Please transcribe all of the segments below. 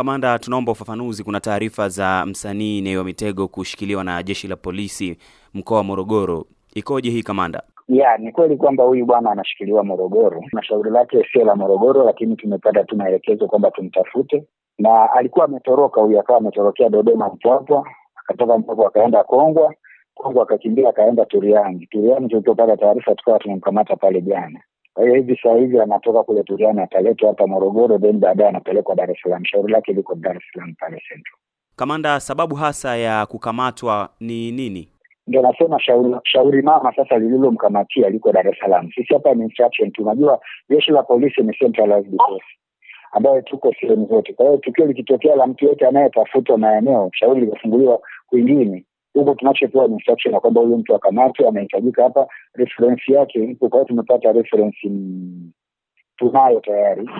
Kamanda, tunaomba ufafanuzi. Kuna taarifa za msanii Nay wa Mitego kushikiliwa na jeshi la polisi mkoa wa Morogoro, ikoje hii kamanda? Ya, ni kweli kwamba huyu bwana anashikiliwa Morogoro na shauri lake sio la Morogoro, lakini tumepata tu maelekezo kwamba tumtafute, na alikuwa ametoroka huyu, akawa ametorokea Dodoma Mpwapwa, akatoka Mpwapwa akaenda Kongwa, Kongwa akakimbia akaenda Turiani. Turiani tulipopata taarifa tukawa tumemkamata pale jana. Kwa hiyo hivi sasa hivi anatoka kule Turiani, ataletwa hapa Morogoro, then baadaye anapelekwa Dar es Salaam. Shauri lake liko Dar es Salaam pale Central. Kamanda, sababu hasa ya kukamatwa ni nini? Ndio nasema shauri, shauri mama sasa lililomkamatia liko Dar es Salaam. Sisi hapa ni instruction tu, unajua jeshi la polisi ni centralized force ambayo tuko sehemu zote. Kwa hiyo tukio likitokea la mtu yote anayetafutwa maeneo, shauri likafunguliwa kwingine huko tunachopewa instruction ya kwamba huyo mtu akamatwe, anahitajika hapa, referensi yake ipo. Kwa hiyo tumepata referensi tunayo tayari.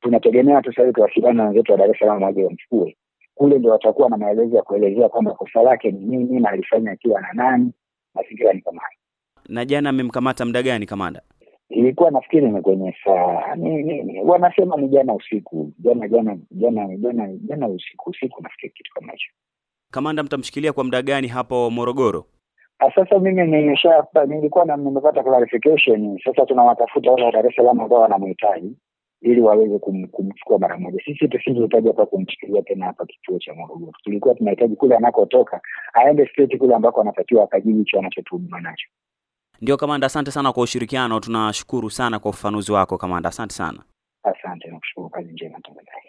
Tunategemea tu sahii tuwasiliana na wenzetu wa Dar es Salaam waje wamchukue kule, ndio watakuwa na maelezo ya kuelezea kwamba kosa lake ni nini na alifanya akiwa na nani, mazingira ni kama hayo. Na jana amemkamata muda gani kamanda? Ilikuwa nafikiri ni kwenye saa ni, ni, ni, wanasema ni jana usiku, jana jana jana jana jana usiku usiku, nafikiri kitu kama hicho. Kamanda, mtamshikilia kwa muda gani hapo Morogoro? Ah, sasa mimi nimesha nilikuwa na nimepata clarification. Sasa tunawatafuta wale wa Dar es Salaam ambao wanamhitaji ili waweze kumchukua mara moja. Sisi tusingehitaji hapa kumchukulia tena hapa kituo cha Morogoro, tulikuwa tunahitaji kule anakotoka aende state kule ambako anatakiwa akajibu hicho anachotuhumiwa nacho. Ndio kamanda, asante sana kwa ushirikiano, tunashukuru sana kwa ufafanuzi wako kamanda, asante sana. Asante na kushukuru, kazi njema mtangazaji.